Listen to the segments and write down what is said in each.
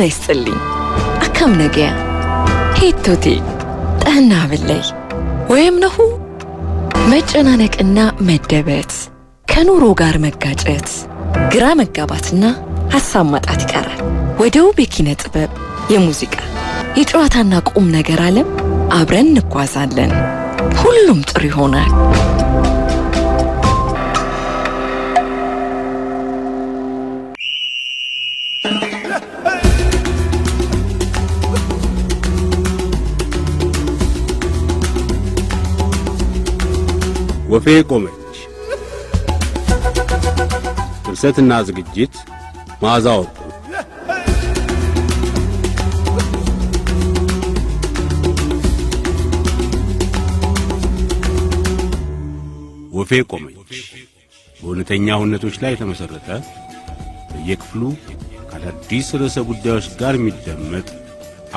ጤና ይስጥልኝ። አካም ነገያ ሄቶቴ ጠና ብለይ ወይም ነሁ መጨናነቅና መደበት ከኑሮ ጋር መጋጨት ግራ መጋባትና ሀሳብ ማጣት ይቀራል። ወደ ውብ የኪነ ጥበብ፣ የሙዚቃ፣ የጨዋታና ቁም ነገር ዓለም አብረን እንጓዛለን። ሁሉም ጥሩ ይሆናል። ወፌ ቆመች። ድርሰትና ዝግጅት መዓዛ ወርቁ። ወፌ ቆመች በእውነተኛ እውነቶች ላይ የተመሠረተ በየክፍሉ ከአዳዲስ ርዕሰ ጉዳዮች ጋር የሚደመጥ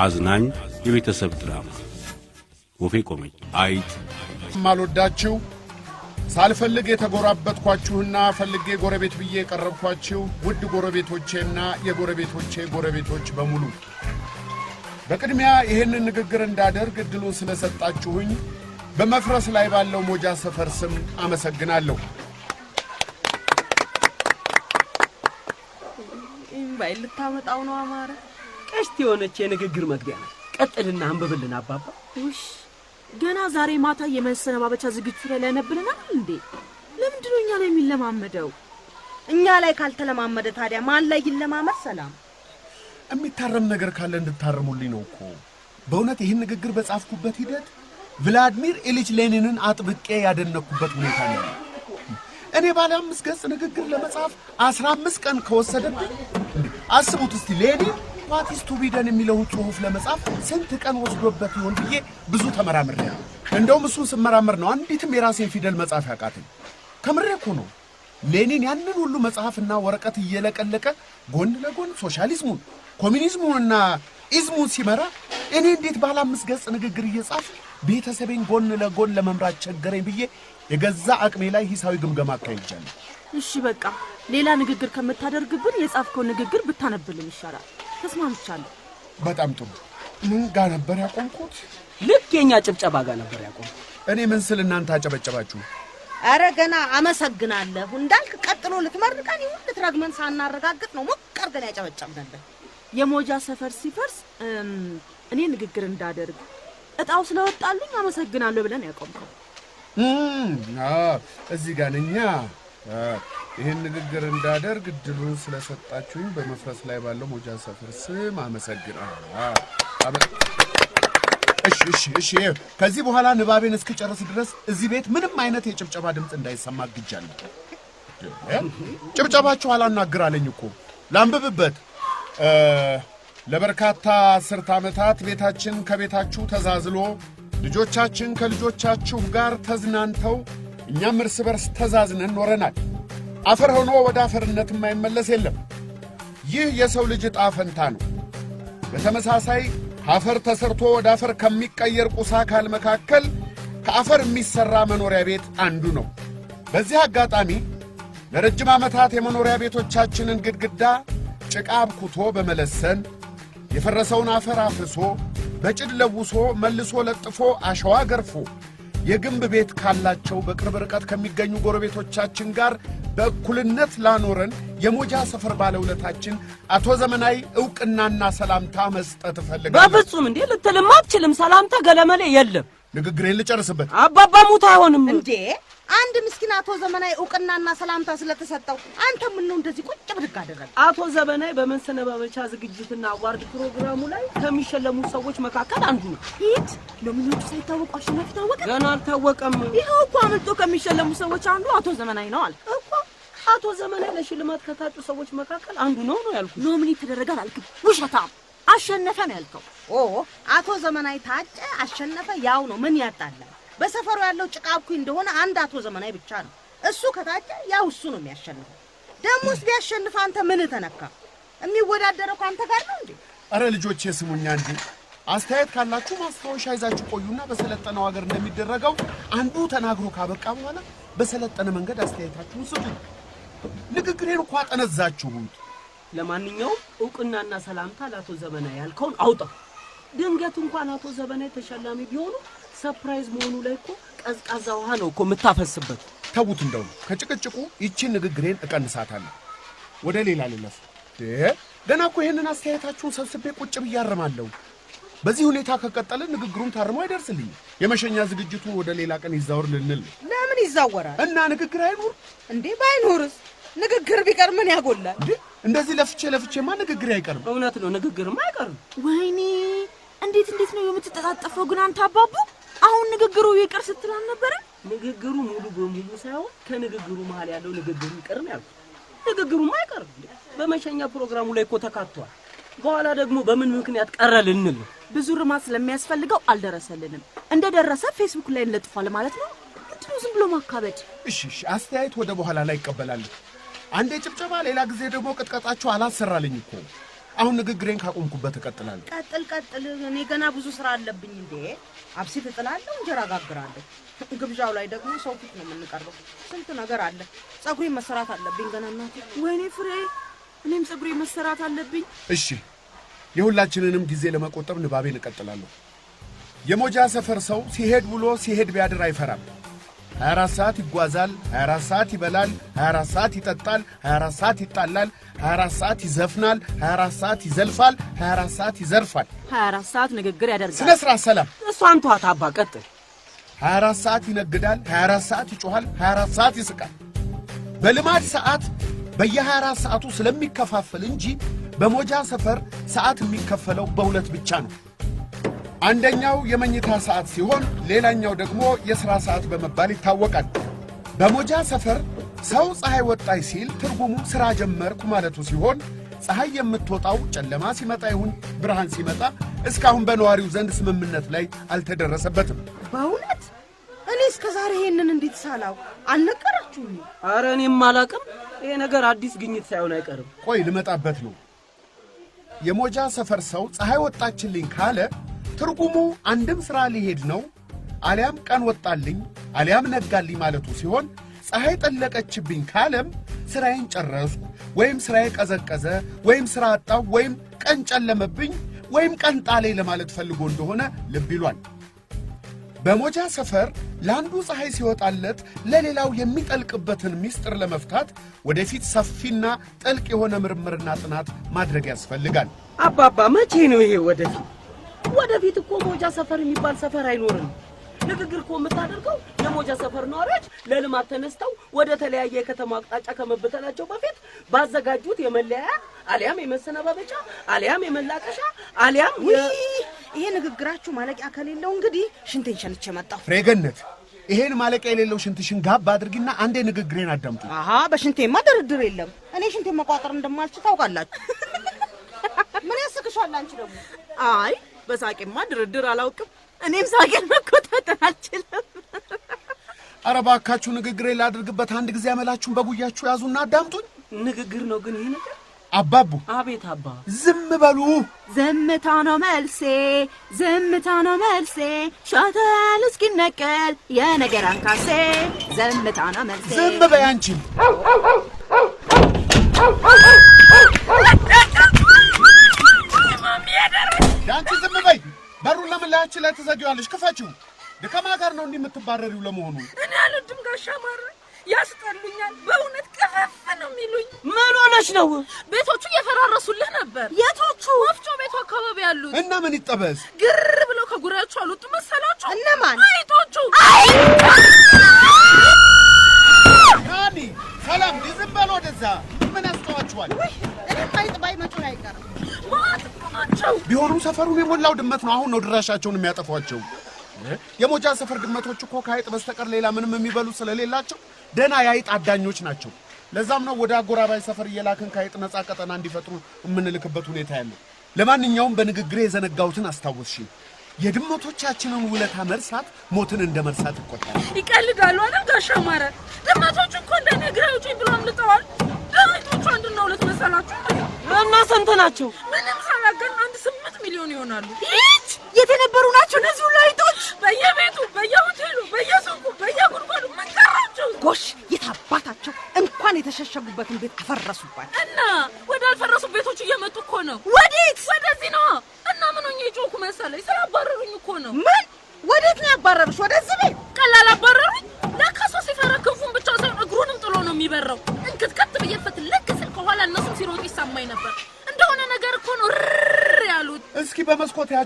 አዝናኝ የቤተሰብ ድራማ ወፌ ቆመች። አይት ማልወዳችሁ ሳልፈልግ የተጎራበትኳችሁና ፈልጌ ጎረቤት ብዬ የቀረብኳችሁ ውድ ጎረቤቶቼና የጎረቤቶቼ ጎረቤቶች በሙሉ በቅድሚያ ይህንን ንግግር እንዳደርግ እድሉን ስለሰጣችሁኝ በመፍረስ ላይ ባለው ሞጃ ሰፈር ስም አመሰግናለሁ። ባይ ልታመጣው ነው አማረ። ቀስት የሆነች የንግግር መግቢያ ናት። ቀጥልና አንብብልን አባባ። ገና ዛሬ ማታ የመሰነባበቻ ዝግጅቱ ላይ ሊያነብልናል እንዴ? ለምንድን ነው እኛ ላይ የሚለማመደው? እኛ ላይ ካልተለማመደ ታዲያ ማን ላይ ይለማመድ? ሰላም፣ የሚታረም ነገር ካለ እንድታርሙልኝ ነው እኮ። በእውነት ይህን ንግግር በጻፍኩበት ሂደት ቭላድሚር ኢሊች ሌኒንን አጥብቄ ያደነኩበት ሁኔታ ነው። እኔ ባለ አምስት ገጽ ንግግር ለመጻፍ አስራ አምስት ቀን ከወሰደብኝ አስቡት እስቲ ሌኒን ዋቲስ ቱ ቢደን የሚለውን ጽሁፍ ለመጻፍ ስንት ቀን ወስዶበት ይሆን ብዬ ብዙ ተመራምሬ ነው። እንደውም እሱን ስመራመር ነው አንዲትም የራሴን ፊደል መጻፍ ያቃተኝ። ከምሬ እኮ ነው። ሌኒን ያንን ሁሉ መጽሐፍና ወረቀት እየለቀለቀ ጎን ለጎን ሶሻሊዝሙን፣ ኮሚኒዝሙንና ኢዝሙን ሲመራ እኔ እንዴት ባለ አምስት ገጽ ንግግር እየጻፍ ቤተሰቤን ጎን ለጎን ለመምራት ቸገረኝ ብዬ የገዛ አቅሜ ላይ ሂሳዊ ግምገማ አካሂጃለሁ። እሺ በቃ ሌላ ንግግር ከምታደርግብን የጻፍከው ንግግር ብታነብልን ይሻላል። ተስማምቻለሁ። በጣም ጥሩ። ምን ጋር ነበር ያቆምኩት? ልክ የእኛ ጭብጨባ ጋር ነበር ያቆም። እኔ ምን ስል እናንተ አጨበጨባችሁ? አረ ገና አመሰግናለሁ እንዳልክ ቀጥሎ ልትመርቀን ይሁን ልትረግመን ሳናረጋግጥ ነው ሞቅ አድርገን ያጨበጨብንበት። የሞጃ ሰፈር ሲፈርስ እኔ ንግግር እንዳደርግ እጣው ስለወጣልኝ አመሰግናለሁ ብለን ያቆምከው እዚህ ጋር እኛ ይህን ንግግር እንዳደርግ እድሉን ስለሰጣችሁኝ በመፍረስ ላይ ባለው ሞጃ ሰፈር ስም አመሰግናለሁ። ከዚህ በኋላ ንባቤን እስክጨርስ ድረስ እዚህ ቤት ምንም አይነት የጭብጨባ ድምፅ እንዳይሰማ ግጃለሁ። ጭብጨባችሁ አላናግር አለኝ እኮ ላንብብበት። ለበርካታ አስርት ዓመታት ቤታችን ከቤታችሁ ተዛዝሎ ልጆቻችን ከልጆቻችሁ ጋር ተዝናንተው እኛም እርስ በርስ ተዛዝነን ኖረናል። አፈር ሆኖ ወደ አፈርነት የማይመለስ የለም። ይህ የሰው ልጅ ዕጣ ፈንታ ነው። በተመሳሳይ አፈር ተሰርቶ ወደ አፈር ከሚቀየር ቁሳ አካል መካከል ከአፈር የሚሠራ መኖሪያ ቤት አንዱ ነው። በዚህ አጋጣሚ ለረጅም ዓመታት የመኖሪያ ቤቶቻችንን ግድግዳ ጭቃ አብኩቶ በመለሰን የፈረሰውን አፈር አፍሶ በጭድ ለውሶ መልሶ ለጥፎ አሸዋ ገርፎ የግንብ ቤት ካላቸው በቅርብ ርቀት ከሚገኙ ጎረቤቶቻችን ጋር በእኩልነት ላኖረን የሞጃ ሰፈር ባለውለታችን አቶ ዘመናዊ እውቅናና ሰላምታ መስጠት እፈልጋለሁ። በፍጹም እንዴ ልትልማ አትችልም። ሰላምታ ገለመሌ የለም። ንግግሬን ልጨርስበት። አባባ ሙት አይሆንም እንዴ? አንድ ምስኪን አቶ ዘመናዊ እውቅናና ሰላምታ ስለተሰጠው አንተ ምን ነው እንደዚህ ቁጭ ብድግ አደረገ? አቶ ዘመናዊ በመሰነባበቻ ዝግጅትና አዋርድ ፕሮግራሙ ላይ ከሚሸለሙ ሰዎች መካከል አንዱ ነው። ሂድ ለምንጩ ሳይታወቅ አሸናፊ ታወቀ። ገና አልታወቀም። ይኸው እኮ አምልጦ ከሚሸለሙ ሰዎች አንዱ አቶ ዘመናዊ ነው አለ እኮ። አቶ ዘመናዊ ለሽልማት ከታጩ ሰዎች መካከል አንዱ ነው ነው ያልኩት። ኖሚኒ ተደረጋል አልክ ውሸታም አሸነፈ ነው ያልከው? ኦ አቶ ዘመናዊ ታጨ አሸነፈ፣ ያው ነው። ምን ያጣላል? በሰፈሩ ያለው ጭቃብኩ እንደሆነ አንድ አቶ ዘመናዊ ብቻ ነው። እሱ ከታጨ ያው እሱ ነው የሚያሸንፈው። ደሞስ ቢያሸንፈ አንተ ምን ተነካ? የሚወዳደረው ከአንተ ጋር ነው እንዴ? አረ ልጆች የስሙኛ እንዴ አስተያየት ካላችሁ ማስታወሻ ይዛችሁ ቆዩና በሰለጠነው ሀገር እንደሚደረገው አንዱ ተናግሮ ካበቃ በኋላ በሰለጠነ መንገድ አስተያየታችሁን ስጡ። ንግግሬን እኮ አጠነዛችሁት። ለማንኛውም እውቅናና ሰላምታ ለአቶ ዘበና ያልከውን አውጣ። ድንገት እንኳን አቶ ዘበና ተሸላሚ ቢሆኑ ሰፕራይዝ መሆኑ ላይ እኮ ቀዝቃዛ ውሃ ነው እኮ የምታፈስበት። ተዉት፣ እንደውም ከጭቅጭቁ ይቺን ንግግሬን እቀንሳታለሁ። ወደ ሌላ ልለፍ። ገና እኮ ይህንን አስተያየታችሁን ሰብስቤ ቁጭ ብዬ አርማለሁ። በዚህ ሁኔታ ከቀጠልን ንግግሩን ታርሞ አይደርስልኝ። የመሸኛ ዝግጅቱ ወደ ሌላ ቀን ይዛወር ልንል። ለምን ይዛወራል? እና ንግግር አይኑር እንዴ? ባይኖርስ ንግግር ቢቀር ምን ያጎላል? እንደዚህ ለፍቼ ለፍቼማ ንግግር አይቀርም። እውነት ነው፣ ንግግርም አይቀርም። ወይኔ እንዴት እንዴት ነው የምትጠጣጠፈው? ግን አንተ አባቡ አሁን ንግግሩ ይቅር ስትል አልነበረ? ንግግሩ ሙሉ በሙሉ ሳይሆን ከንግግሩ መሀል ያለው ንግግሩ ይቅር ነው ያልኩት። ንግግሩማ አይቀርም። በመሸኛ ፕሮግራሙ ላይ እኮ ተካቷል። በኋላ ደግሞ በምን ምክንያት ቀረ ልንል ነው። ብዙ ርማት ስለሚያስፈልገው አልደረሰልንም። እንደደረሰ ፌስቡክ ላይ እንለጥፏል ማለት ነው። ምንድነው ዝም ብሎ ማካበድ? እሺ፣ እሺ፣ አስተያየት ወደ በኋላ ላይ ይቀበላል። አንዴ ጭብጨባ፣ ሌላ ጊዜ ደግሞ ቅጥቀጣችሁ አላሰራልኝ እኮ። አሁን ንግግሬን ካቆምኩበት እቀጥላለሁ። ቀጥል ቀጥል፣ እኔ ገና ብዙ ስራ አለብኝ። እንዴ አብሲት እጥላለሁ፣ እንጀራ ጋግራለሁ። ግብዣው ላይ ደግሞ ሰው ፊት ነው የምንቀርበው። ስንት ነገር አለ። ጸጉሬ መሰራት አለብኝ ገና። እናቴ ወይኔ ፍሬ፣ እኔም ጸጉሬ መሰራት አለብኝ። እሺ፣ የሁላችንንም ጊዜ ለመቆጠብ ንባቤን እቀጥላለሁ። የሞጃ ሰፈር ሰው ሲሄድ ውሎ ሲሄድ ቢያድር አይፈራም። 24 ሰዓት ይጓዛል፣ 24 ሰዓት ይበላል፣ 24 ሰዓት ይጠጣል፣ 24 ሰዓት ይጣላል፣ 24 ሰዓት ይዘፍናል፣ 24 ሰዓት ይዘልፋል፣ 24 ሰዓት ይዘርፋል፣ 24 ሰዓት ንግግር ያደርጋል። ስነ ስርዓት ሰላም። እሷን ተዋት አባ ቀጥል። 24 ሰዓት ይነግዳል፣ 24 ሰዓት ይጮኋል፣ 24 ሰዓት ይስቃል። በልማድ ሰዓት በየ24 ሰዓቱ ስለሚከፋፈል እንጂ በሞጃ ሰፈር ሰዓት የሚከፈለው በሁለት ብቻ ነው። አንደኛው የመኝታ ሰዓት ሲሆን ሌላኛው ደግሞ የሥራ ሰዓት በመባል ይታወቃል። በሞጃ ሰፈር ሰው ፀሐይ ወጣይ ሲል ትርጉሙ ሥራ ጀመርኩ ማለቱ ሲሆን ፀሐይ የምትወጣው ጨለማ ሲመጣ ይሁን ብርሃን ሲመጣ እስካሁን በነዋሪው ዘንድ ስምምነት ላይ አልተደረሰበትም። በእውነት እኔ እስከ ዛሬ ይሄንን እንዴት ሳላው አልነገራችሁ? አረ እኔም አላቅም። ይሄ ነገር አዲስ ግኝት ሳይሆን አይቀርም። ቆይ ልመጣበት ነው። የሞጃ ሰፈር ሰው ፀሐይ ወጣችልኝ ካለ ትርጉሙ አንድም ሥራ ሊሄድ ነው አሊያም ቀን ወጣልኝ አሊያም ነጋልኝ ማለቱ ሲሆን ፀሐይ ጠለቀችብኝ ካለም ሥራዬን ጨረስኩ ወይም ሥራዬ ቀዘቀዘ ወይም ሥራ አጣው ወይም ቀን ጨለመብኝ ወይም ቀን ጣሌ ለማለት ፈልጎ እንደሆነ ልብ ይሏል። በሞጃ ሰፈር ለአንዱ ፀሐይ ሲወጣለት ለሌላው የሚጠልቅበትን ምስጢር ለመፍታት ወደፊት ሰፊና ጥልቅ የሆነ ምርምርና ጥናት ማድረግ ያስፈልጋል። አባባ መቼ ነው ይሄ ወደፊት ወደፊት እኮ ሞጃ ሰፈር የሚባል ሰፈር አይኖርም። ንግግር እኮ የምታደርገው የሞጃ ሰፈር ነዋሪዎች ለልማት ተነስተው ወደ ተለያየ የከተማ አቅጣጫ ከመበተናቸው በፊት ባዘጋጁት የመለያያ አሊያም የመሰነባበቻ አሊያም የመላቀሻ አሊያም ይሄ ንግግራችሁ ማለቂያ ከሌለው እንግዲህ ሽንቴን ሸንቼ መጣሁ። ፍሬገነት ይሄን ማለቂያ የሌለው ሽንትሽን ጋብ አድርጊና አንዴ ንግግሬን አዳምጡ። አሀ በሽንቴማ ድርድር የለም። እኔ ሽንቴን መቋጠር እንደማልችል ታውቃላችሁ። ምን ያስቅሻል አንቺ ደግሞ? አይ በሳቄማ ድርድር አላውቅም። እኔም ሳቄን መቆጣጠር አልችልም። አረ እባካችሁ ንግግሬ ላድርግበት። አንድ ጊዜ ያመላችሁን በጉያችሁ ያዙና አዳምጡኝ። ንግግር ነው ግን ይህ ነገር። አባቡ! አቤት አባ! ዝም በሉ። ዝምታ ነው መልሴ፣ ዝምታ ነው መልሴ። ሻተል እስኪነቀል የነገር አንካሴ። ዝምታ ነው መልሴ። ዝም በይ አንቺም። የአንቺ በሩን ለምን ላያችን ላይ ትዘጊዋለሽ? ክፈችው። ድከማ ጋር ነው እንዲህ የምትባረሪው ለመሆኑ? እኔ አልወድም ጋሽ አማረ፣ ያስጠሉኛል በእውነት ቅፈፍ ነው የሚሉኝ። ምን ሆነሽ ነው? ቤቶቹ እየፈራረሱልህ ነበር። የቶቹ? ወፍጮ ቤቱ አካባቢ ያሉት እና ምን ይጠበስ ግር ብለው ከጉራያቸው አልወጡ መሰላቸው። እነማን? አይቶቹ። ናኒ ሰላም፣ ዝም በል ወደዛ። ምን ያስጠዋችኋል? እኔም አይጥ ባይመጡ አይቀርም ናቸው። ቢሆኑም ሰፈሩን የሞላው ድመት ነው። አሁን ነው ድራሻቸውን የሚያጠፏቸው። የሞጃ ሰፈር ድመቶች እኮ ከአይጥ በስተቀር ሌላ ምንም የሚበሉ ስለሌላቸው ደህና የአይጥ አዳኞች ናቸው። ለዛም ነው ወደ አጎራባይ ሰፈር እየላክን ከአይጥ ነፃ ቀጠና እንዲፈጥሩ የምንልክበት ሁኔታ ያለው። ለማንኛውም በንግግሬ የዘነጋሁትን አስታወስሽኝ። የድመቶቻችንን ውለታ መርሳት ሞትን እንደ መርሳት ይቆጠራል። ይቀልዳሉ አይደል ጋሽ አማረ? ድመቶቹ እኮ እንደ ግራ አውጪኝ ብሎ አምልጠዋል። ድመቶቹ አንድና ሁለት መሰላችሁ እና ስንት ናቸው? ምንም ሳላገር አንድ ስምንት ሚሊዮን ይሆናሉ። ይች የተነበሩ ናቸው እነዚህ ሁሉ አይጦች፣ በየቤቱ በየሆቴሉ፣ በየሱቁ፣ በየጉድጓዱ ምን ቀራቸው? ጎሽ የታባታቸው እንኳን የተሸሸጉበትን ቤት አፈረሱባት እና ወደ አልፈረሱ ቤቶች እየመጡ እኮ ነው። ወዴት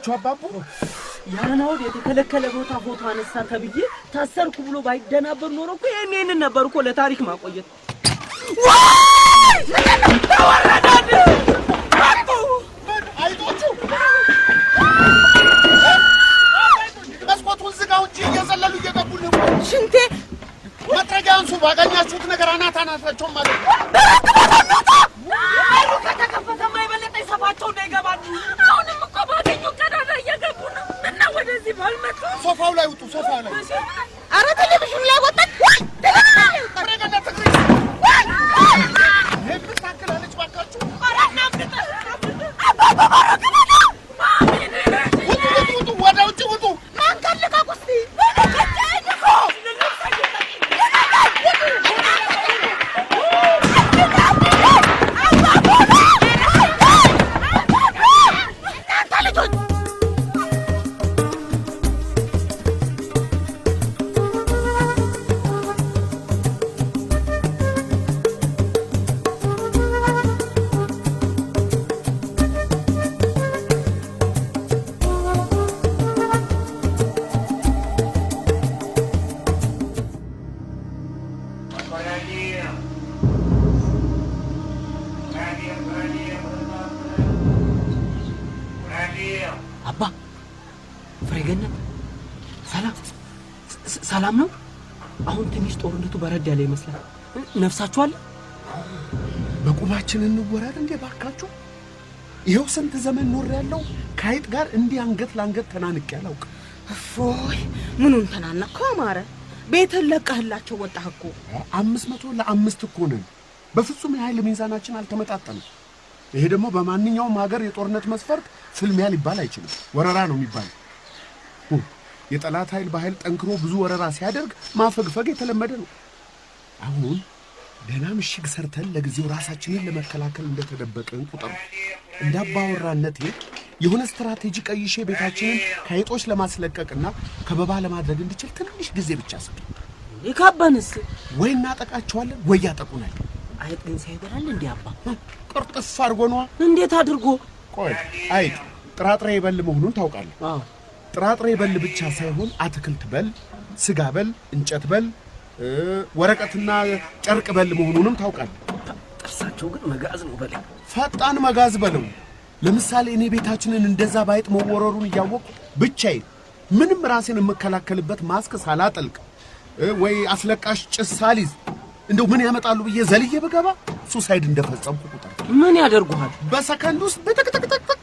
አላችሁ አባቡ? ያን አውድ የተከለከለ ቦታ ፎቶ አነሳ ተብዬ ታሰርኩ ብሎ ባይደናበር ኖሮ እኮ ይሄን ነበር እኮ ለታሪክ ማቆየት። መስኮቱን ዝጋው እንጂ እየዘለሉ እየገቡ ሽንቴ መጥረጊያ አንሱ። ባገኛችሁት ነገር አናት ማለት ነው። ላይ ውጡ ሶፋ ላይ ያለ ይመስላል። አለ በቁማችን እንወራል እንዴ? ባካችሁ ይኸው ስንት ዘመን ኖር ያለው ከአይጥ ጋር እንዲህ አንገት ለአንገት ተናንቅ አላውቅ። እፎይ ምኑን ተናነቅከው አማረ? ቤትን ለቀህላቸው ወጣህ እኮ። አምስት መቶ ለአምስት እኮ ነን። በፍጹም የኃይል ሚዛናችን አልተመጣጠንም። ይሄ ደግሞ በማንኛውም ሀገር የጦርነት መስፈርት ፍልሚያ ሊባል አይችልም፣ ወረራ ነው የሚባል። የጠላት ኃይል በኃይል ጠንክሮ ብዙ ወረራ ሲያደርግ ማፈግፈግ የተለመደ ነው። አሁን ደህና ምሽግ ሰርተን ለጊዜው ራሳችንን ለመከላከል እንደተደበቅን ቁጥር እንዳባወራነቴ የሆነ ስትራቴጂ ቀይሼ ቤታችንን ከአይጦች ለማስለቀቅና ከበባ ለማድረግ እንድችል ትንሽ ጊዜ ብቻ ሰጥ። ይካበንስ ወይ እናጠቃቸዋለን ወይ ያጠቁናል። አይጥን ሳይበላል እንዲ አባ ቅርጥፍ አድርጎ ነዋ። እንዴት አድርጎ? ቆይ አይጥ ጥራጥሬ በል መሆኑን ታውቃለህ። ጥራጥሬ በል ብቻ ሳይሆን አትክልት በል፣ ስጋ በል፣ እንጨት በል ወረቀትና ጨርቅ በል መሆኑንም ታውቃል። ጥርሳቸው ግን መጋዝ ነው በለው፣ ፈጣን መጋዝ በለው። ለምሳሌ እኔ ቤታችንን እንደዛ ባይጥ መወረሩን እያወቅኩ ብቻዬን ምንም ራሴን የምከላከልበት ማስክ ሳላጠልቅ ወይ አስለቃሽ ጭስ ሳሊዝ እንደው ምን ያመጣሉ ብዬ ዘልዬ ብገባ ሱሳይድ እንደፈጸምኩ ቁጥር ምን ያደርጉሃል? በሰከንድ ውስጥ ብጥቅጥቅጥቅጥቅ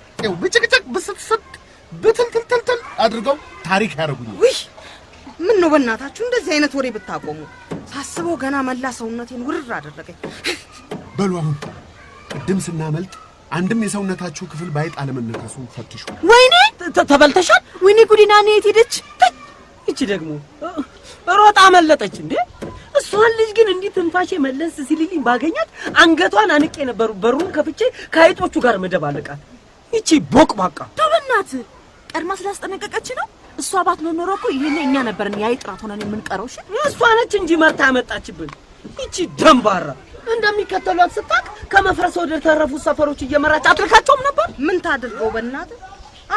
ብጭቅጭቅ ብስትስት ብትልትልትልትል አድርገው ታሪክ ያደርጉኛል። ምን ነው በእናታችሁ እንደዚህ አይነት ወሬ ብታቆሙ። ሳስበው ገና መላ ሰውነቴን ውርር አደረገኝ። በሉ አሁን ቅድም ስናመልጥ አንድም የሰውነታችሁ ክፍል ባይጥ አለመነከሱ ፈትሹ። ወይኔ ተበልተሻል። ወይኔ ጉዲና ኔ የት ሄደች? ይቺ ደግሞ ሮጣ መለጠች እንዴ! እሷን ልጅ ግን እንዲህ ትንፋሼ መለስ ሲልልኝ ባገኛት አንገቷን አንቄ የነበሩ በሩን ከፍቼ ከአይጦቹ ጋር መደባለቃት። ይቺ ቦቅ ባቃ ተው ቀድማ ስላስጠነቀቀች ነው እሷ ነው ኖሮ እኮ ይሄን እኛ ነበርን ያይ ጥራት ሆነን የምንቀረው። እሺ እሷ ነች እንጂ መርታ መጣችብን። ይቺ ደንባራ እንደሚከተሏት ስታቅ ከመፍረስ ወደ ተረፉ ሰፈሮች እየመራች አትልካቸውም ነበር። ምን ታድርገው በእናት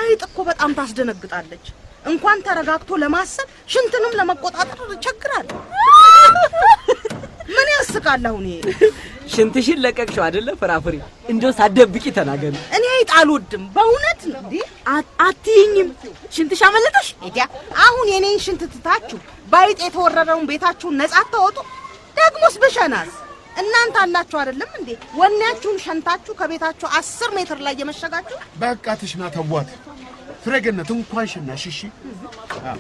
አይጥ እኮ በጣም ታስደነግጣለች። እንኳን ተረጋግቶ ለማሰብ ሽንትንም ለመቆጣጠር ቸግራል። ምን ያስቃል? አሁን ይሄ ሽንትሽን ለቀቅሽው አይደለ? ፍራፍሬ እንደው ሳደብቂ ተናገሪ። እኔ አይጥ አልወድም በእውነት እንዴ። አትይኝም? ሽንትሽ አመለጠሽ? እዲያ አሁን የኔን ሽንት ትታችሁ ባይጥ የተወረረውን ቤታችሁን ነጻ አታወጡ። ደግሞስ ብሸናስ እናንተ አላችሁ አይደለም እንዴ? ወኔያችሁን ሸንታችሁ ከቤታችሁ አስር ሜትር ላይ የመሸጋችሁ። በቃ ትሽና ተቧት ፍረገነት እንኳን ሸናሽ። እሺ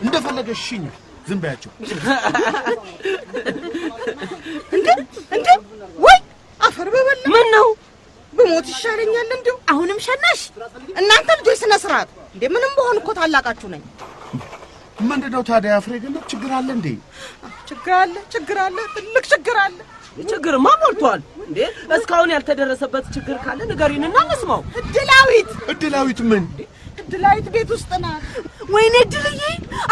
እንደፈለገሽ ሽኝ ዝም በያቸው። እንደ እንደ ወይ አፈር በበላ ምን ነው ብሞት ይሻለኛል። እንዲሁ አሁንም ሸናሽ እናንተ ልጆች ስነ ስርዓት እንዴ! ምንም በሆን እኮ ታላቃችሁ ነኝ። ምንድን ነው ታዲያ አፍሬ ግን ችግር አለ እንዴ? ችግር አለ፣ ችግር አለ፣ ትልቅ ችግር አለ። ችግርማ ሞልቷል እንዴ! እስካሁን ያልተደረሰበት ችግር ካለ ንገሪንና እንስማው። እድላዊት እድላዊት ምን ድላይት ቤት ውስጥ ናት። ወይኔ እድልዬ፣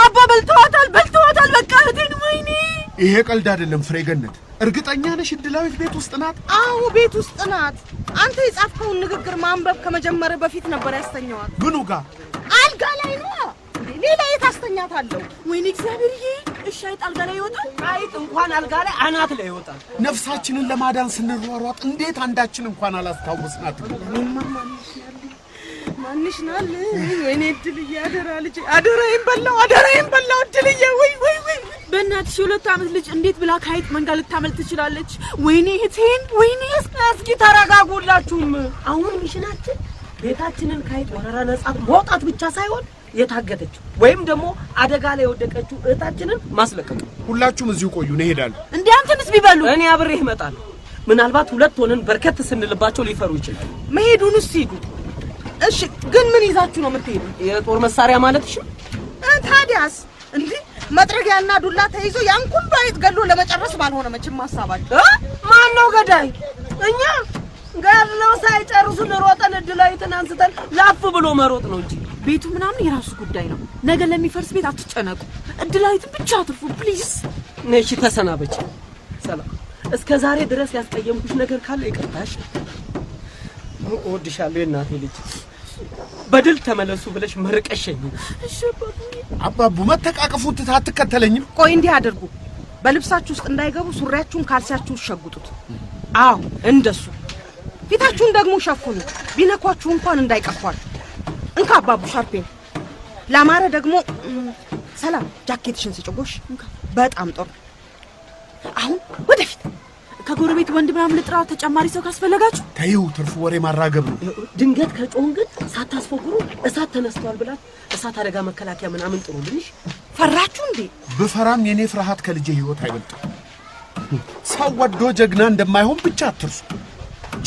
አባ በልተዋታል፣ በልተዋታል። በቃ እህቴን፣ ወይኔ ይሄ ቀልድ አይደለም። ፍሬገነት እርግጠኛ ነሽ ድላዊት ቤት ውስጥ ናት? አዎ ቤት ውስጥ ናት። አንተ የጻፍከውን ንግግር ማንበብ ከመጀመር በፊት ነበር ያስተኛዋል። ምኑ ጋ? አልጋ ላይ ነው። ሌላ የት አስተኛታለሁ? ወይኔ እግዚአብሔርዬ። እሺ አይጥ አልጋ ላይ ይወጣል? አይጥ እንኳን አልጋ ላይ አናት ላይ ይወጣል። ነፍሳችንን ለማዳን ስንሯሯጥ እንዴት አንዳችን እንኳን አላስታውስናት። ማንሽ ናል ወይኔ እድልዬ፣ አደራ ልጅ አደራዬን በላው፣ አደራዬን በላው እድልዬ። ወይ ወይ ወይ በእናትሽ የሁለት ዓመት ልጅ እንዴት ብላ ከአይጥ መንጋ ልታመልጥ ትችላለች? ወይኔ እህቴን፣ ወይኔ እስኪ ተረጋጉላችሁም። አሁን ሚሽናችን ቤታችንን ከአይጥ ወረራ ነጻ መውጣት ብቻ ሳይሆን የታገተችው ወይም ደግሞ አደጋ ላይ የወደቀችው እህታችንን ማስለቀቅ። ሁላችሁም እዚሁ ቆዩ፣ እኔ እሄዳለሁ። እንዴ አንተንስ ቢበሉ እኔ አብሬ እመጣለሁ። ምናልባት ሁለት ሆነን በርከት ስንልባቸው ሊፈሩ ይችላል። መሄዱንስ ይሂዱ። እሺ፣ ግን ምን ይዛችሁ ነው የምትሄዱ? የጦር መሳሪያ ማለት እሺ። ታዲያስ እንዲህ መጥረጊያና ዱላ ተይዞ ያን ሁሉ አይጥ ገሎ ለመጨረስ ባልሆነ መቼም ሀሳባችሁ። ማን ነው ገዳይ? እኛ ገድለው ሳይጨርሱ ሮጠን እድላዊትን አንስተን ላፍ ብሎ መሮጥ ነው እንጂ ቤቱ ምናምን የራሱ ጉዳይ ነው። ነገ ለሚፈርስ ቤት አትጨነቁ። እድላዊትን ብቻ አትርፉ ፕሊዝ። እሺ ተሰናበች። ሰላም። እስከ ዛሬ ድረስ ያስቀየምኩሽ ነገር ካለ ይቅርታሽ። እወድሻለሁ የእናቴ ልጅ። በድል ተመለሱ ብለሽ መርቀሸኝ። አባቡ መተቃቀፉ አትከተለኝም። ቆይ እንዲህ አድርጉ፣ በልብሳችሁ ውስጥ እንዳይገቡ ሱሪያችሁን፣ ካልሲያችሁን ሸጉጡት። አዎ እንደሱ። ፊታችሁን ደግሞ ሸፍኑ፣ ቢነኳችሁ እንኳን እንዳይቀፏል እንካ አባቡ ሻርፔን። ለአማረ ደግሞ ሰላም፣ ጃኬትሽን ስጭጎሽ። በጣም ጥሩ። አሁን ወደፊት ከጎረቤት ወንድ ምናምን ልጥራ፣ ተጨማሪ ሰው ካስፈለጋችሁ። ተይው፣ ትርፉ ወሬ ማራገብ ነው። ድንገት ከጮን ግን ሳታስፈግሩ እሳት ተነስቷል ብላት እሳት አደጋ መከላከያ ምናምን ጥሩ ልንሽ። ፈራችሁ እንዴ? ብፈራም የእኔ ፍርሃት ከልጄ ህይወት አይበልጥም። ሰው ወዶ ጀግና እንደማይሆን ብቻ አትርሱ።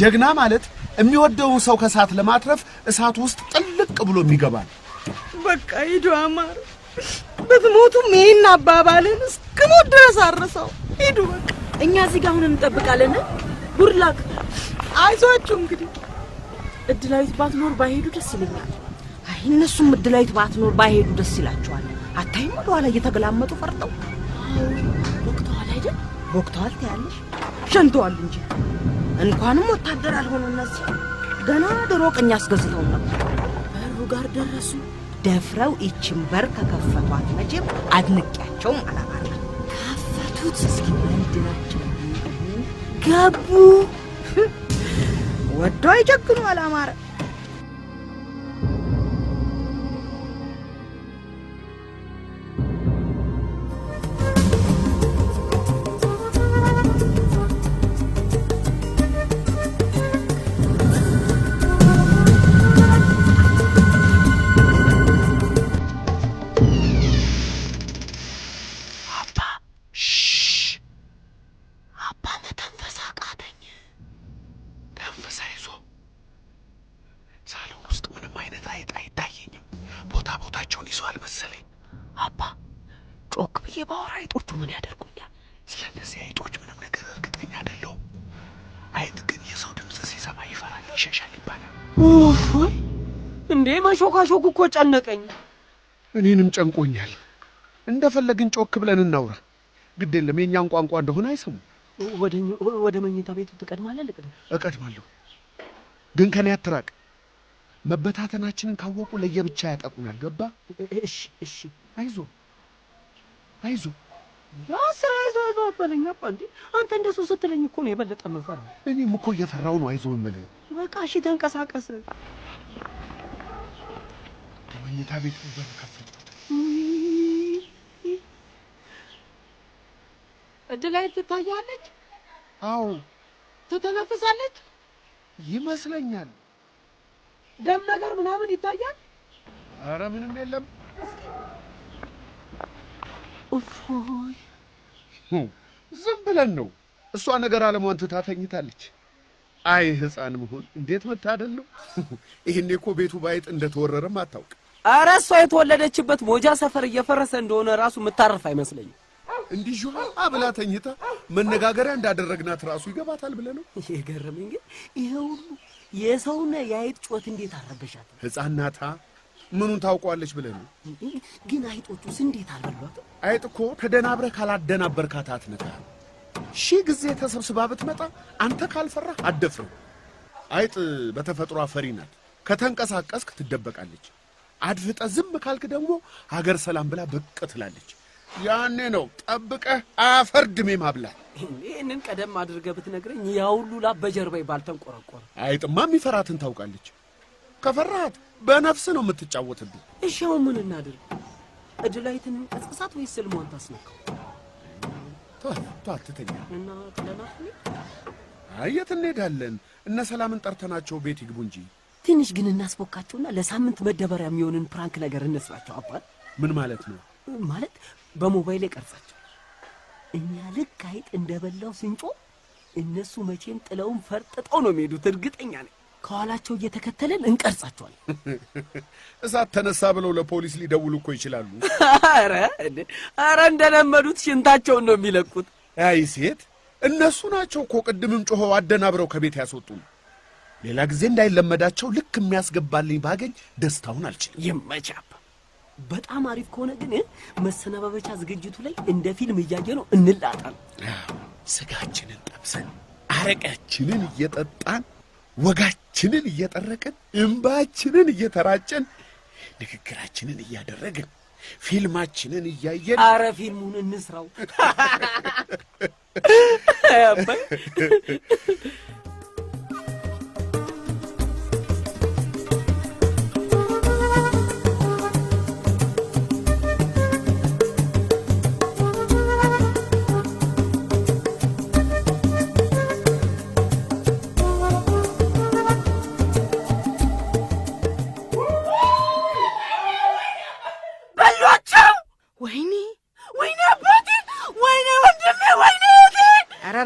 ጀግና ማለት የሚወደውን ሰው ከእሳት ለማትረፍ እሳት ውስጥ ጥልቅ ብሎ የሚገባል። በቃ ሂዱ አማር፣ በትሞቱም ይህን አባባልን እስክሞት ድረስ አርሰው ሂዱ በቃ እኛ እዚህ ጋር አሁን እንጠብቃለን። ጉድላክ አይዟችሁ። እንግዲህ እድላዊት ባትኖር ባይሄዱ ደስ ይለኛል። አይ እነሱም እድላዊት ባትኖር ባይሄዱ ደስ ይላቸዋል። አታይም? ወደ ኋላ እየተገላመጡ ፈርጠው ቦክተዋል አይደል? ቦክተዋል ትያለሽ? ሸንተዋል እንጂ እንኳንም ወታደር አልሆኑ። እነዚህ ገና ድሮ ቀኝ አስገዝተው ነበር። በሩ ጋር ደረሱ። ደፍረው ይችን በር ከከፈቷት መቼም አድንቄያቸውም አላባላ ከፈቱት እስኪ ምንድነው ገቡ። ወዶ አይጨክኑ አላማረ መንሾካሾኩ እኮ ጨነቀኝ። እኔንም ጨንቆኛል። እንደፈለግን ጮክ ብለን እናውራ፣ ግድ የለም የእኛን ቋንቋ እንደሆነ አይሰሙም። ወደ መኝታ ቤት ትቀድማለህ? ልቅድም? እቀድማለሁ፣ ግን ከኔ አትራቅ። መበታተናችንን ካወቁ ለየብቻ ያጠቁናል። ገባ? እሺ፣ እሺ። አይዞ፣ አይዞ አስራ አይዞ አይዞ አበለኛ አባ እንዴ አንተ እንደሱ ስትለኝ እኮ ነው የበለጠ መፈራ። እኔም እኮ እየፈራው ነው። አይዞ የምልህ በቃ እሺ፣ ተንቀሳቀስ። መኝታ ቤት እዛ ከፍል ከፈትኩት። ላይ ትታያለች። አዎ ትተነፍሳለች ይመስለኛል። ደም ነገር ምናምን ይታያል። አረ ምንም የለም። እፎይ ዝም ብለን ነው። እሷ ነገር አለመሆን ትታ ተኝታለች። አይ ህፃን መሆን እንዴት መታደል ነው! ይህኔ እኮ ቤቱ ባይጥ እንደተወረረም አታውቅ ኧረ እሷ የተወለደችበት ሞጃ ሰፈር እየፈረሰ እንደሆነ ራሱ የምታርፍ አይመስለኝም። እንዲህ ጆሃ ብላ ተኝታ መነጋገሪያ እንዳደረግናት ራሱ ይገባታል ብለህ ነው የገረመኝ። ግን ይሄ ሁሉ የሰውነ የአይጥ ጩኸት እንዴት አረበሻት? ሕፃን ናታ ምኑን ታውቋለች ብለህ ነው? ግን አይጦቹስ እንዴት አልበሏት? አይጥ እኮ ተደናብረህ ካላደናበርካት አትነካህም። ሺህ ጊዜ ተሰብስባ ብትመጣ አንተ ካልፈራህ አደፍርም። አይጥ በተፈጥሮ አፈሪ ናት። ከተንቀሳቀስክ ትደበቃለች። አድፍጠ ዝም ካልክ ደግሞ ሀገር ሰላም ብላ ብቅ ትላለች። ያኔ ነው ጠብቀህ አፈርድሜ ማብላት። ይህንን ቀደም አድርገህ ብትነግረኝ ያ ሁሉ ላብ በጀርባዬ ባልተንቆረቆረ። አይጥማ የሚፈራትን ታውቃለች። ከፈራሃት በነፍስ ነው የምትጫወትብኝ። እሻው ምን እናድርግ? እድላይትን ቀስቅሳት ወይስ ስልሟን ታስነካው? አትተኛ እና ትለናት። አይ የት እንሄዳለን? እነ ሰላምን ጠርተናቸው ቤት ይግቡ እንጂ ትንሽ ግን እናስቦካቸውና ለሳምንት መደበሪያ የሚሆንን ፕራንክ ነገር እነስራቸው። አባል ምን ማለት ነው? ማለት በሞባይል ቀርጻቸው እኛ ልክ አይጥ እንደበላው ስንጮ እነሱ መቼም ጥለውን ፈርጥጠው ነው የሚሄዱት። እርግጠኛ ነኝ። ከኋላቸው እየተከተለን እንቀርጻቸዋለን። እሳት ተነሳ ብለው ለፖሊስ ሊደውሉ እኮ ይችላሉ። አረ አረ እንደለመዱት ሽንታቸውን ነው የሚለቁት። አይ ሴት፣ እነሱ ናቸው እኮ ቅድምም ጮኸው አደናብረው ከቤት ያስወጡን። ሌላ ጊዜ እንዳይለመዳቸው ልክ የሚያስገባልኝ ባገኝ ደስታውን አልችልም። ይመቻብ። በጣም አሪፍ ከሆነ ግን መሰነባበቻ ዝግጅቱ ላይ እንደ ፊልም እያየ ነው እንላጣል። ስጋችንን ጠብሰን አረቃችንን እየጠጣን ወጋችንን እየጠረቅን እምባችንን እየተራጨን ንግግራችንን እያደረግን ፊልማችንን እያየን አረ ፊልሙን እንስራው።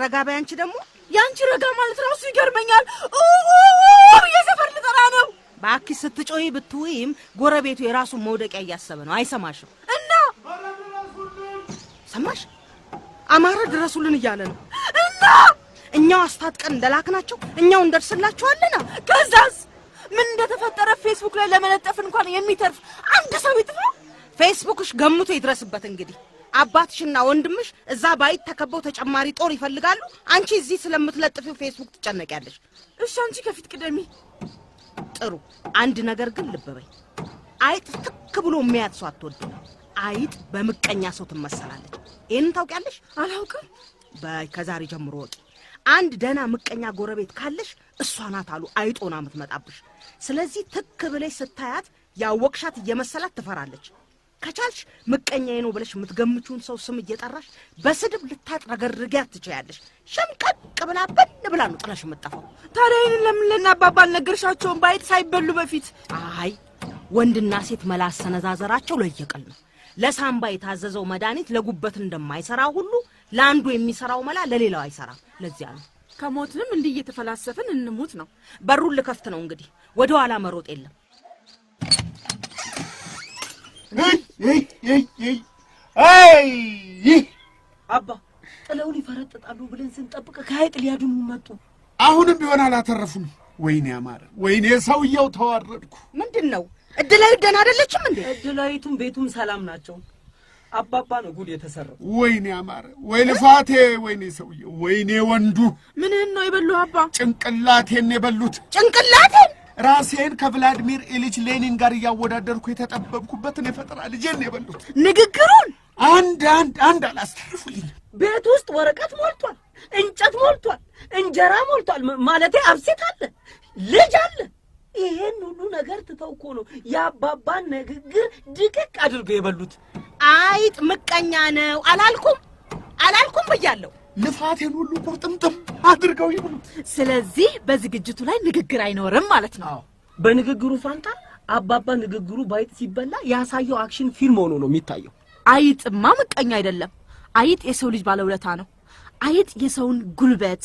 ረጋ በይ አንቺ ደግሞ የአንቺ ረጋ ማለት ራሱ ይገርመኛል። የሰፈር ልጠራ ነው። በአኪስ ስትጮይ ብትውይም ጎረቤቱ የራሱን መውደቂያ እያሰበ ነው፣ አይሰማሽም። እና ሰማሽ አማረ ድረሱልን እያለ ነው። እና እኛው አስታጥቀን እንደላክናቸው እኛው እንደርስላችኋለን። ከዛስ ምን እንደተፈጠረ ፌስቡክ ላይ ለመለጠፍ እንኳን የሚተርፍ አንድ ሰው ይጥፋ። ፌስቡክሽ ገምቶ ይድረስበት እንግዲህ አባትሽና ወንድምሽ እዛ ባይት ተከበው ተጨማሪ ጦር ይፈልጋሉ። አንቺ እዚህ ስለምትለጥፊው ፌስቡክ ትጨነቂያለሽ። እሺ አንቺ ከፊት ቅደሚ። ጥሩ። አንድ ነገር ግን ልብ በይ። አይጥ ትክ ብሎ የሚያት ሰው አትወድ። አይጥ በምቀኛ ሰው ትመሰላለች። ይህንን ታውቂያለሽ? አላውቅም። በይ ከዛሬ ጀምሮ ወቂ። አንድ ደህና ምቀኛ ጎረቤት ካለሽ እሷ ናት አሉ አይጦና የምትመጣብሽ። ስለዚህ ትክ ብለሽ ስታያት ያወቅሻት እየመሰላት ትፈራለች። ከቻልሽ ምቀኛዬ ነው ብለሽ የምትገምቹን ሰው ስም እየጠራሽ በስድብ ልታጥረገርጊያት ትችያለሽ። ሸምቀቅ ብላ በል ብላ ነው ጥለሽ የምጠፋው። ታዲያ ይህን ለምን ለናባባ አልነገርሻቸውም? ባይጥ ሳይበሉ በፊት አይ ወንድና ሴት መላ አሰነዛዘራቸው ለየቅል ነው። ለሳምባ የታዘዘው መድኃኒት ለጉበት እንደማይሰራ ሁሉ ለአንዱ የሚሰራው መላ ለሌላው አይሰራም። ለዚያ ነው ከሞትንም እንዲህ እየተፈላሰፍን እንሙት ነው። በሩን ልከፍት ነው እንግዲህ፣ ወደ ኋላ መሮጥ የለም። አባ ጥለውን ይፈረጥጣሉ ብለን ስንጠብቅ ከሀይጥ ሊያድኑ መጡ። አሁንም ቢሆን አላተረፉም። ወይኔ አማረ፣ ወይኔ ሰውየው ተዋረድኩ። ምንድን ነው እድላዊት ደህና አይደለችም እንዴ? እድላዊቱም ቤቱም ሰላም ናቸው። አባባ ነው ጉድ የተሰራው። ወይኔ አማረ፣ ወይ ልፋቴ፣ ወይኔ ሰውየው፣ ወይኔ ወንዱ። ምንህን ነው የበሉ አባ? ጭንቅላቴን የበሉት ጭንቅላቴን ራሴን ከቭላድሚር ኢሊች ሌኒን ጋር እያወዳደርኩ የተጠበብኩበትን የፈጠራ ልጄን የበሉት። ንግግሩን አንድ አንድ አንድ አላስተርፉልኝ። ቤት ውስጥ ወረቀት ሞልቷል፣ እንጨት ሞልቷል፣ እንጀራ ሞልቷል። ማለቴ አብሴት አለ፣ ልጅ አለ። ይሄን ሁሉ ነገር ትተው እኮ ነው የአባባን ንግግር ድቅቅ አድርገው የበሉት። አይጥ ምቀኛ ነው አላልኩም? አላልኩም ብያለሁ። ልፋቴን ሁሉ ቁርጥምጥም አድርገው ይሁኑ። ስለዚህ በዝግጅቱ ላይ ንግግር አይኖርም ማለት ነው። በንግግሩ ፋንታ አባባ ንግግሩ ባይጥ ሲበላ ያሳየው አክሽን ፊልም ሆኖ ነው የሚታየው። አይጥማ ምቀኛ አይደለም። አይጥ የሰው ልጅ ባለውለታ ነው። አይጥ የሰውን ጉልበት፣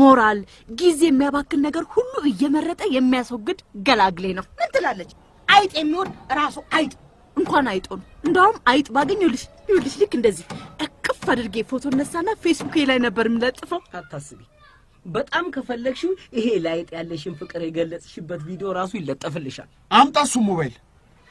ሞራል፣ ጊዜ የሚያባክን ነገር ሁሉ እየመረጠ የሚያስወግድ ገላግሌ ነው። ምን ትላለች? አይጥ የሚሆን ራሱ አይጥ እንኳን አይጦ ነው። እንዳውም አይጥ ባገኝ ይኸውልሽ፣ ይኸውልሽ ልክ እንደዚህ እጥፍ አድርጌ ፎቶ እነሳና ፌስቡኬ ላይ ነበር የምለጥፈው። አታስቢ። በጣም ከፈለግሽው ይሄ ላይጥ ያለሽን ፍቅር የገለጽሽበት ቪዲዮ ራሱ ይለጠፍልሻል። አምጣ እሱ ሞባይል።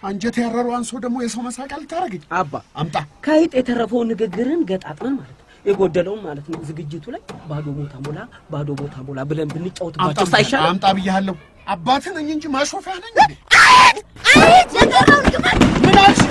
አንጀት ያረረው አንሶ ደግሞ የሰው መሳቂያ ልታረግኝ። አባ አምጣ። ከይጥ የተረፈው ንግግርን ገጣጥመን ማለት ነው የጎደለውን ማለት ነው ዝግጅቱ ላይ ባዶ ቦታ ሞላ፣ ባዶ ቦታ ሞላ ብለን ብንጫወትባቸው ሳይሻል። አምጣ ብያለሁ። አባትህ ነኝ እንጂ ማሾፊያ ነኝ። አይት አይት የገረው ንግግር ምን አልሽ?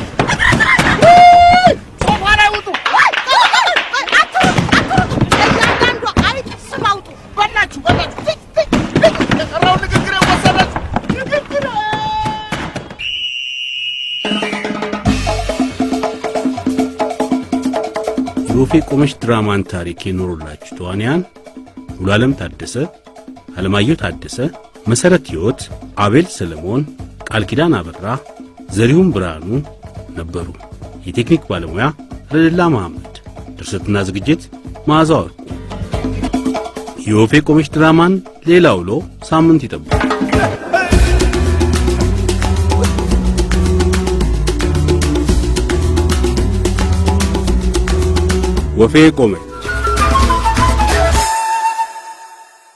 በሶፌ ቆመች ድራማን ታሪክ የኖሩላችሁ ተዋንያን ሙሉ ታደሰ፣ አለማየሁ ታደሰ፣ መሠረት ሕይወት፣ አቤል ሰለሞን፣ ቃል ኪዳን አበራ፣ ዘሪሁን ብርሃኑ ነበሩ። የቴክኒክ ባለሙያ ረደላ መሐመድ፣ ድርሰትና ዝግጅት መዓዛ ወርቁ። የወፌ ቆመች ድራማን ሌላ ውሎ ሳምንት ይጠብቁ። ወፌ ቆመ